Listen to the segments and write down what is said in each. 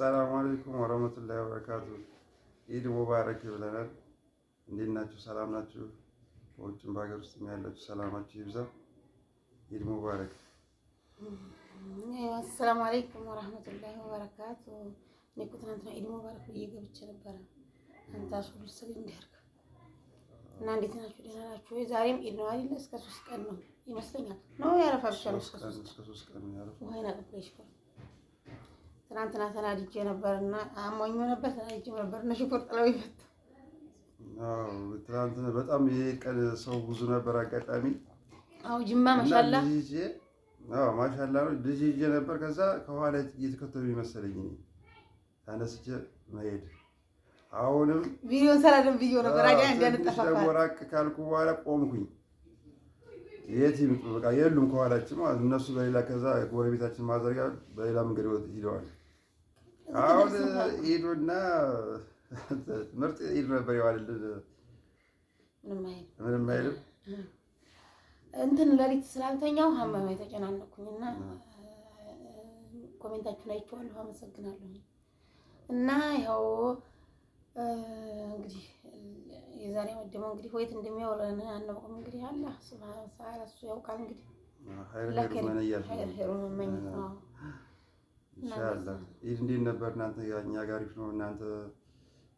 አሰላሙ አለይኩም ወረህመቱላሂ ወበረካቱ። ኢድ ሙባረክ ብለናል። እንዴት ናችሁ? ሰላም ናችሁ? በውጭም በሀገር ውስጥ ያላችሁ ሰላማችሁ ይብዛ። ኢድ ሙባረክ። አሰላሙ አለይኩም ወረህመቱላሂ ወበረካቱ። እኔ እኮ ትናንትና ኢድ ሙባረክ ብዬ ገብቼ ነበረ። አንታሱ ልሰብ እንዲያርግ እና እንዴት ናችሁ? ደህና ናችሁ ዛሬም ኢድ ነው አይደል? እስከ ሶስት ቀን ነው ይመስለኛል ነው ያረፋ ብቻ ነው እስከ ሶስት ቀን ነው ያረፋ ትናንትና ተናድጄ ነበርና አሞኝ ነበር ተናድጄ ነበር እና ሽኩር ጥለው ይመጣ። ትናንትና በጣም ይሄ ቀን ሰው ብዙ ነበር። አጋጣሚ አዎ፣ ጅማ ማሻላ ማሻላ ነው። ልጅ ይዤ ነበር። ከዛ ከኋላ እየተከተሉ ይመሰለኝ ታነስቼ መሄድ አሁንም ቪዲዮ ሰላደም ብዬ ነበር። አዲያ እንደነጠፋፋ ወራቅ ካልኩ በኋላ ቆምኩኝ። የት ይምጡ በቃ የሉም ከኋላችን ማለት እነሱ በሌላ ከዛ ጎረቤታችን ማዘርጋ በሌላ መንገድ ሂደዋል። አሁን ሄዶና ምርጥ ሄድ ነበር የዋለልን ምንም አይልም። እንትን ለሊት ስላልተኛው ሀማማ የተጨናነኩኝ እና ኮሜንታችሁን አይቼዋለሁ፣ አመሰግናለሁ። እና ያው እንግዲህ የዛሬ ደግሞ እንግዲህ ወይት እንደሚያውለን አናውቅም። እንግዲህ አላ ስብሃነ ተዓላ እሱ ያውቃል። እንግዲህ ለከሪ ሄሩ መመኘት ነው ኢንሻአላህ። ኢድ እንዴት ነበር? እናንተ እኛ ጋር አሪፍ ነው። እናንተ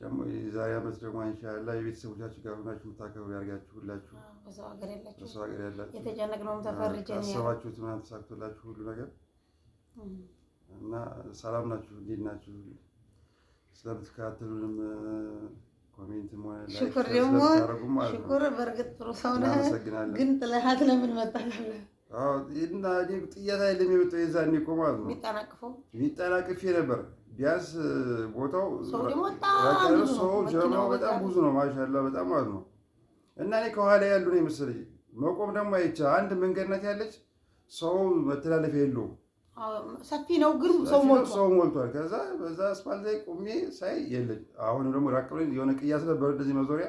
ደግሞ የዛሬ ዓመት ደግሞ ኢንሻአላህ የቤተሰቦቻችሁ ጋር ሆናችሁ የምታከብሩ ያርጋችሁ። ሁላችሁ በሰው ሀገር ያላችሁ ያላችሁ የተጨነቅነውም ተፈርጀን አሰባችሁት ምናምን ተሳክቶላችሁ ሁሉ ነገር እና ሰላም ናችሁ? እንዴት ናችሁ? ስለምትከታተሉንም ኮሜንት ሆነ ማለት ነው። ሽኩር በእርግጥ ጥሩ ሰው ነህ፣ ግን ጥለሃት ለምን መጣህ? እና እኔ ጥያት አይደለም የመጣው የዛኔ እኮ ማለት ነው የሚጠናቅፈው የሚጠናቅፍ ነበር። ቢያንስ ቦታው ሰው ጀርባው በጣም ብዙ ነው፣ ማሻላ በጣም ማለት ነው። እና እኔ ከኋላ ያሉ ነው የመሰለኝ መቆም ደግሞ አይቻ አንድ መንገድ ናት ያለች፣ ሰው መተላለፊያ የለውም። ሰፊ ነው ግን ሰው ሞልቷል። ከዛ በዛ አስፋልት ላይ ቁሜ ሳይ የለች። አሁንም ደግሞ ራቅ ብለን የሆነ ቅያስ ነበር እንደዚህ መዞሪያ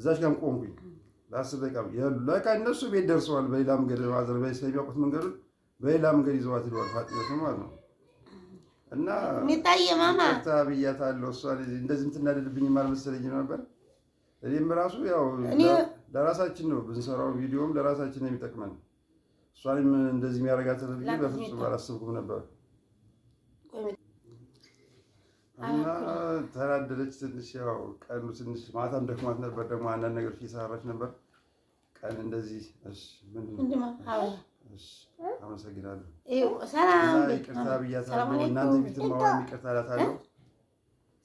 እዛች ጋርም ቆምኩኝ ለአስር ደቂቃ ይሉ ለካ እነሱ ቤት ደርሰዋል። በሌላ መንገድ አዘርባይ ስለሚያውቁት መንገዱን በሌላ መንገድ ይዘዋት ይለዋል። ፋጢመት ማለት ነው እና ሚታየ ማማ ታ ብያት አለው እሷ እንደዚህ ምትናደድብኝም አልመሰለኝም ነበር። እኔም ራሱ ያው ለራሳችን ነው ብንሰራው ቪዲዮም ለራሳችን ነው የሚጠቅመን። እሷንም እንደዚህ የሚያደርጋት በፍጹም አላስብኩም ነበር። እና ተናደደች ትንሽ። ያው ቀኑ ትንሽ ማታም ደክማት ነበር፣ ደግሞ አንዳንድ ነገር ፊት ሰራች ነበር። ቀን እንደዚህ አመሰግናለሁ። ይቅርታ ብያታለሁ። እናንተ ፊት ማውራ ይቅርታ እላታለሁ።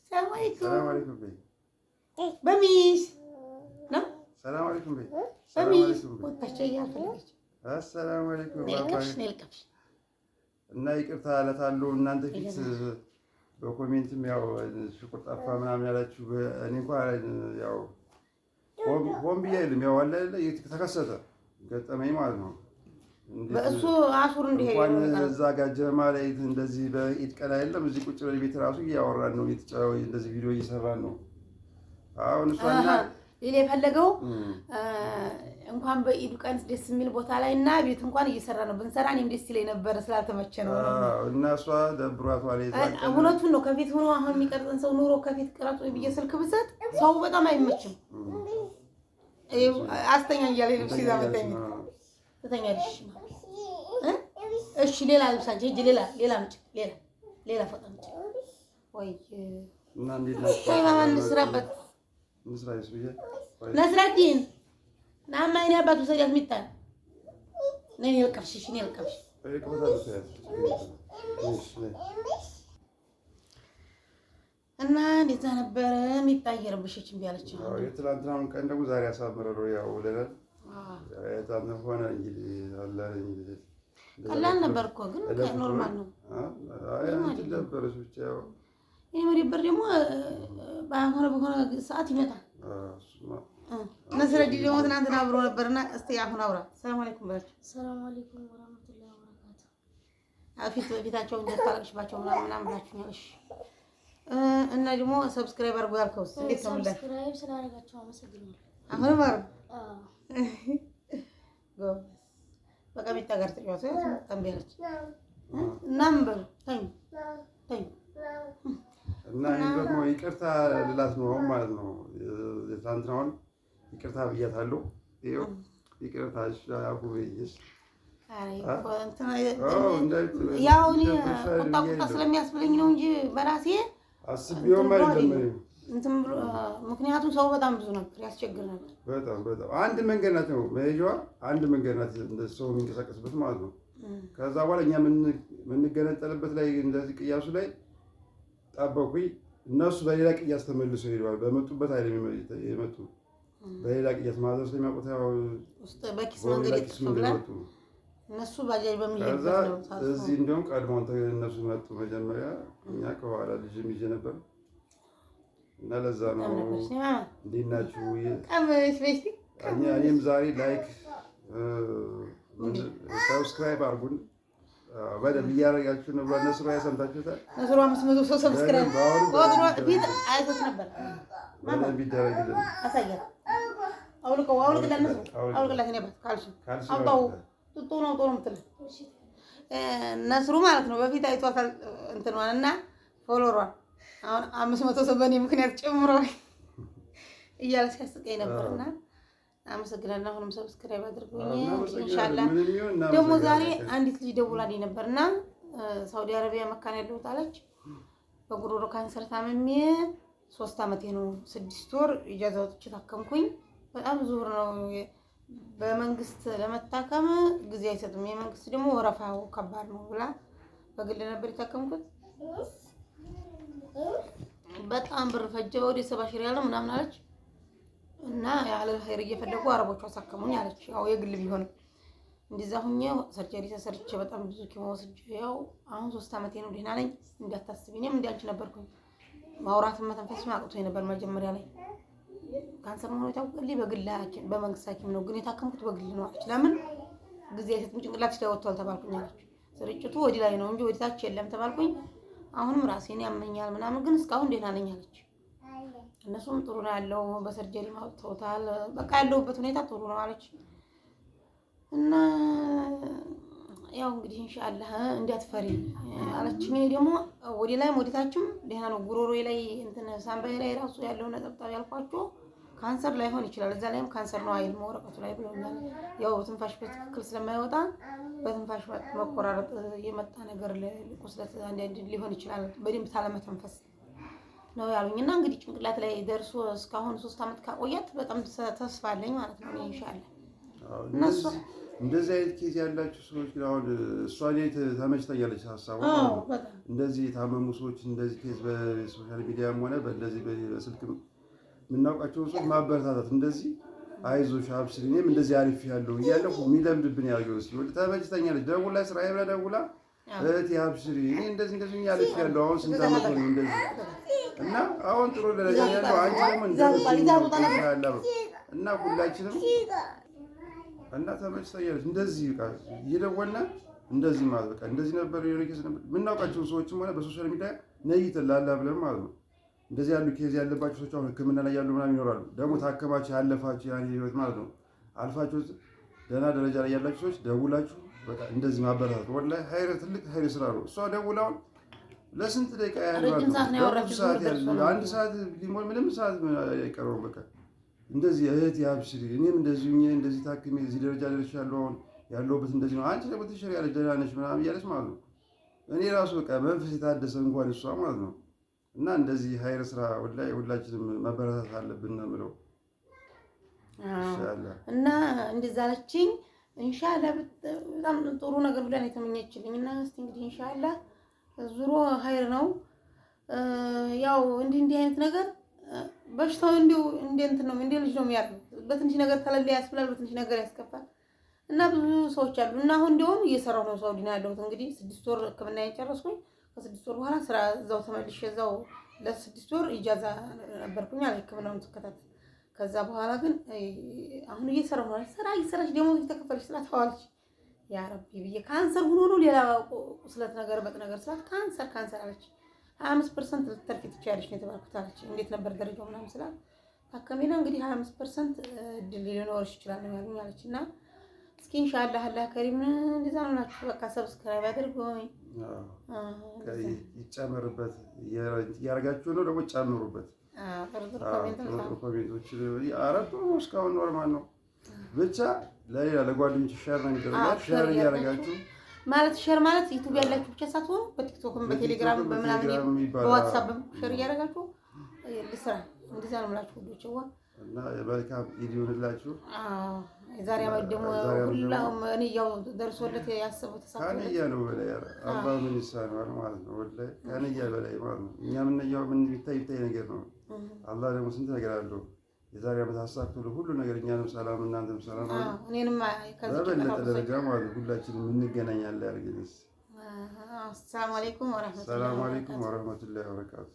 ሰላም አለይኩም ቤት በሚስ ነው። ሰላም አለይኩም ቤት በሚስ ወጣቸው አለይኩም እና ይቅርታ እላታለሁ እናንተ ፊት በኮሜንትም ያው ሽቁር ጠፋ ምናምን ያላችሁ እኔ እንኳን ያው ሆን ብዬ አይልም። ያው አለ ተከሰተ ገጠመኝ ማለት ነው። በእሱ አሱር እንዲሄድ እዛ ጋር ጀማ ላይ እንደዚህ በኢድ ቀን አይደለም እዚህ ቁጭ ብለን ቤት ራሱ እያወራን ነው፣ እየተጫወ እንደዚህ ቪዲዮ እየሰራን ነው። አሁን እሷ እኔ የፈለገው እንኳን በኢዱ ቀን ደስ የሚል ቦታ ላይ እና ቤት እንኳን እየሰራ ነው። ብንሰራ እኔም ደስ ይለኝ ነበረ ስላልተመቸ ነው እና እሷ ደብሯቷል። እውነቱን ነው። ከፊት ሆኖ አሁን የሚቀርጽን ሰው ኑሮ ከፊት ቅረጽ ወይ ብዬ ስልክ ብሰጥ ሰው በጣም አይመችም። አስተኛ እያለ ልብስ ይዛ መተኛ ትተኛለሽ። እሺ ሌላ ልብስ አንቺ ሂጂ ሌላ ሌላ ምጭ ሌላ ሌላ ፎጣ ምጭ ወይ እና እንዴት ነው ስራበት መስራት ይስብየ ነስራዲን ናማ እኔ አባት ውሰዳት ሚጣል ነኝ ልቀፍሽሽ ነኝ ልቀፍሽ እና እንደዛ ነበረ ሚጣዬ ረብሸች እምቢ አለች። የትናንትናውን ቀን ደግሞ ዛሬ አሳምረሩ ያው ለለን ሆነ ቀላል ነበር እኮ ግን ኖርማል ነው። አይ ደበረች ደግሞ በሆነ በሆነ ሰዓት ይመጣል። ነስረዲ ደግሞ ትናንትና አብሮ ነበርና እስቲ አሁን አውራ። ሰላም አለይኩም ብላችሁ ሰላም አለይኩም ወራህመቱላሂ ወበረካቱ። አፊት ፊታቸው እንደታረቅሽባቸው ምናምን አምላችሁ ነው። እሺ እና ደግሞ ሰብስክራይብ አድርጎ ያልከውስ እንዴት ነው? ሰብስክራይብ ስላደረጋችሁ አመሰግናለሁ። አሁንም አሩ ጎ በቃ ቤታ ጋር ተጫወተ ታምቢያለች። እናም በሉ ተኝ ተኝ እና ደግሞ ይቅርታ ልላት ነው ማለት ነው የትናንትናውን ይቅርታ ብያታለሁ። ይቅርታ ሁቤይስ ያው ስለሚያስብለኝ ነው እንጂ በራሴ አስቤውም አይደለም። ምክንያቱም ሰው በጣም ብዙ ነበር፣ ያስቸግር ነበር። በጣም በጣም አንድ መንገድ ናት ነው መሄጃዋ፣ አንድ መንገድ ናት ሰው የሚንቀሳቀስበት ማለት ነው። ከዛ በኋላ እኛ የምንገነጠልበት ላይ እንደዚህ ቅያሱ ላይ ጠበኩኝ። እነሱ በሌላ ቅያስ ተመልሶ ሄደዋል። በመጡበት አይደለም የመጡ በሌላ ቅዠት ማዘር ስለሚያውቁት ያው በኪስ መንገድ የጥፍ ብለን እነሱ ባጃጅ በሚሄድበት ነው። እዚህ እንዲሁም ቀድሞ እነሱ መጡ መጀመሪያ፣ እኛ ከኋላ ልጅም ይዤ ነበር እና ለዛ ነው እንዴት ናችሁ? እኔም ዛሬ ላይክ ሰብስክራይብ አድርጉን በደንብ እያደረጋችሁ ነው ብሏል። ነስሩ ያሰምታችሁታል። ነስሩ አምስት መቶ ሰው ሰብስክራይብ አይቶት ነበር። በደንብ ይደረግልን አሳያል አውልቀው አውልቅላት ነው አውልቅላት ነው ካልሱ አውጣው ጥጦ ነው ጦር ምትል ነስሩ ማለት ነው። በፊት አይቷታል እንትኗን እና ፎሎሯን አሁን አምስት መቶ ሰው በእኔ ምክንያት ጨምሮ እያለ ሲያስቀኝ አመሰግናለሁ። አሁንም ሰብስክራይብ አድርጉኝ ደግሞ ዛሬ አንዲት ልጅ ደውላልኝ ነበርና ሳውዲ አረቢያ መካን ያለሁት አለች። በጉሮሮ ካንሰር ሶስት አመቴ ነው። ስድስት ወር ኢጃዛ ወጥቼ ታከምኩኝ። በጣም ዙር ነው። በመንግስት ለመታከም ጊዜ አይሰጥም። የመንግስት ደግሞ ወረፋው ከባድ ነው ብላ በግል ነበር የታከምኩት። በጣም ብር ፈጀ። ወደ ሰባ ሺህ ሪያል ነው ምናምን አለች እና የአለል ሀይር እየፈለጉ አረቦቹ አሳከሙኝ አለች። ያው የግል ቢሆንም እንዲዛ ሁኜ ሰርጀሪ ተሰርቼ በጣም ብዙ ኪሞ ወስጄ ያው አሁን ሶስት ዓመቴ ነው። ደህና ነኝ። እንዳታስቢ፣ እኔም እንዳንቺ ነበርኩኝ። ማውራትም መተንፈስ አቅቶ ነበር መጀመሪያ ላይ ካንሰር መሆኑ የታወቀልኝ በግል ሐኪም በመንግስት ሐኪም ነው፣ ግን የታከምኩት በግል ነው አለች። ለምን ጊዜ የሰጥም ጭንቅላት ወጥቷል ተባልኩኝ አለች። ስርጭቱ ወዲ ላይ ነው እንጂ ታች የለም ተባልኩኝ። አሁንም ራሴን ያመኛል ምናምን፣ ግን እስካሁን ደህና ነኝ አለች። እነሱም ጥሩ ነው ያለው በሰርጀሪ ማውጥተውታል፣ በቃ ያለሁበት ሁኔታ ጥሩ ነው አለች እና ያው እንግዲህ ኢንሻአላህ እንዳትፈሪ አለችኝ። እኔ ደግሞ ወደ ላይም ወደ ታችም ደህና ነው። ጉሮሮ ላይ እንትን ሳምባይ ላይ ራሱ ያለው ነጠብጣብ ያልኳቸው ካንሰር ላይሆን ይችላል። እዛ ላይም ካንሰር ነው አይል መወረቀቱ ላይ ብሎኛል። ያው ትንፋሽ በትክክል ስለማይወጣ በትንፋሽ መቆራረጥ የመጣ ነገር ቁስለት አንዳንድ ሊሆን ይችላል። በደንብ ታለመተንፈስ ነው ያሉኝና እንግዲህ ጭንቅላት ላይ ደርሶ እስካሁን ሶስት አመት ካቆያት በጣም ተስፋ አለኝ ማለት ነው ኢንሻአላህ እነሱ እንደዚህ አይነት ኬዝ ያላቸው ሰዎች ግን አሁን እሷ እኔ ተመችታኛለች ሀሳቡ። እንደዚህ የታመሙ ሰዎች እንደዚህ ኬዝ በሶሻል ሚዲያም ሆነ በእንደዚህ በስልክ የምናውቃቸውን ሰዎች ማበረታታት እንደዚህ አይዞሽ አብስሪ፣ እኔም እንደዚህ አሪፍ ያለው እያለ የሚለምድብን ያደርገው ሲሆን ተመችታኛለች፣ ደውላ ስራ ብላ ደውላ እህቴ አብስሪ፣ እኔ እንደዚህ እንደዚህ አሪፍ ያለው አሁን ስንት ዓመት ነው እንደዚህ እና አሁን ጥሩ ደረጃ ያለው አንቺ ደግሞ እንደዚህ ያለ እና ሁላችንም እና ተመችቶኛለች። እንደዚህ በቃ እየደወልና እንደዚህ ማለት በቃ እንደዚህ ነበር የሆነ ኬዝ ነበር። የምናውቃቸውን ሰዎችም ሆነ በሶሻል ሚዲያ ነይተን ላላ ብለን ማለት ነው። እንደዚህ ያሉ ኬዝ ያለባቸው ሰዎች አሁን ሕክምና ላይ ያሉ ምናምን ይኖራሉ። ደግሞ ታከማችሁ ያለፋችሁ ያን ህይወት ማለት ነው አልፋችሁ ደህና ደረጃ ላይ ያላችሁ ሰዎች ደውላችሁ በቃ እንደዚህ ማበረታት ወላ ሀይረ ትልቅ ሀይረ ስራ ነው። እሷ ደውላውን ለስንት ደቂቃ ያህል ሰዓት ያለ አንድ ሰዓት ሊሞል ምንም ሰዓት አይቀረውም በቃ እንደዚህ እህት ያብስሪ እኔም እንደዚህ ሁኜ እንደዚህ ታክሜ እዚህ ደረጃ ደርሻለሁ፣ አሁን ያለሁበት እንደዚህ ነው፣ አንቺ ደግሞ ትሻላለሽ፣ ደህና ነሽ ምናምን እያለች ማለት ነው። እኔ ራሱ በቃ መንፈስ የታደሰ እንኳን እሷ ማለት ነው። እና እንደዚህ ሀይር ስራ ላይ ሁላችንም መበረታት አለብን ነው የምለው። እና እንደዛ አለችኝ። ኢንሻአላ በጣም ጥሩ ነገር ብላ ነው የተመኘችልኝ። እና እስቲ እንግዲህ እንሻላ ዙሮ ሀይር ነው ያው እንዲህ እንዲህ አይነት ነገር በሽታው እንዲሁ እንዴት ነው እንዴ ልጅ ነው የሚያርገው። በትንሽ ነገር ተለል ያስብላል፣ በትንሽ ነገር ያስከፋል። እና ብዙ ሰዎች አሉ እና አሁን እንዲያውም እየሰራሁ ነው ሳውዲ ነው ያለሁት። እንግዲህ ስድስት ወር ሕክምና የጨረስኩኝ ከስድስት ወር በኋላ ስራ እዛው ተመልሼ እዛው ለስድስት ወር ኢጃዛ ነበርኩኝ አለ ሕክምናውን ትከታተል። ከዛ በኋላ ግን አሁን እየሰራሁ ነው። ስራ እየሰራች ደግሞ ተከፈለች ስላት ታዋለች። ያ ረቢ ብዬ ካንሰር ሆኖ ነው ሌላ ቁስለት ነገር በጥ ነገር ስላት ካንሰር ካንሰር አለች። ሀያ አምስት ፐርሰንት ልትተርፊ ትችያለሽ ነው የተባልኩት አለች። እንዴት ነበር ደረጃው ምናምን ስላት ታከሚና እንግዲህ ሀያ ፐርሰንት እድል ሊኖርሽ ይችላል ነው ያሉኝ አለች እና እስኪ ኢንሻአላህ አላህ ከሪም እንደዛ ነው ናችሁ። በቃ ሰብስክራይብ አድርጉኝ፣ ይጨመርበት ያደርጋችሁ ነው ደግሞ ጨምሩበት። እስካሁን ኖርማል ነው። ብቻ ለሌላ ለጓደኞች ሸር ነው የሚደረጋ ሸር እያደረጋችሁ ማለት ሼር ማለት ዩቱብ ያላችሁ ብቻ ሳትሆኑ በቲክቶክም በቴሌግራም በምናምን በዋትሳፕም ሼር እያደረጋችሁ ልስራ። እንደዛ ነው የምላችሁ ሁላችሁ እና መልካም ኢድ ይሁንላችሁ። ዛሬ አመት ደግሞ ሁላም እኔ ያው ደርሶለት ያሰቡት ተሳክቶ ነው በላይ አባ ምን ይሳነዋል ማለት ነው። ወላሂ ከንያ በላይ ማለት ነው። እኛ ምን ያው ምን ቢታይ ቢታይ ነገር ነው። አላህ ደግሞ ስንት ነገር አለው የዛሬ ዓመት አሳክቶልህ ሁሉ ነገር እኛንም ሰላም እናንተም ሰላም በበለጠ ደረጃ ማለት ሁላችንም እንገናኛለን ያርግልስ። ሰላም አለይኩም ወረህመቱላሂ ወበረካቱ።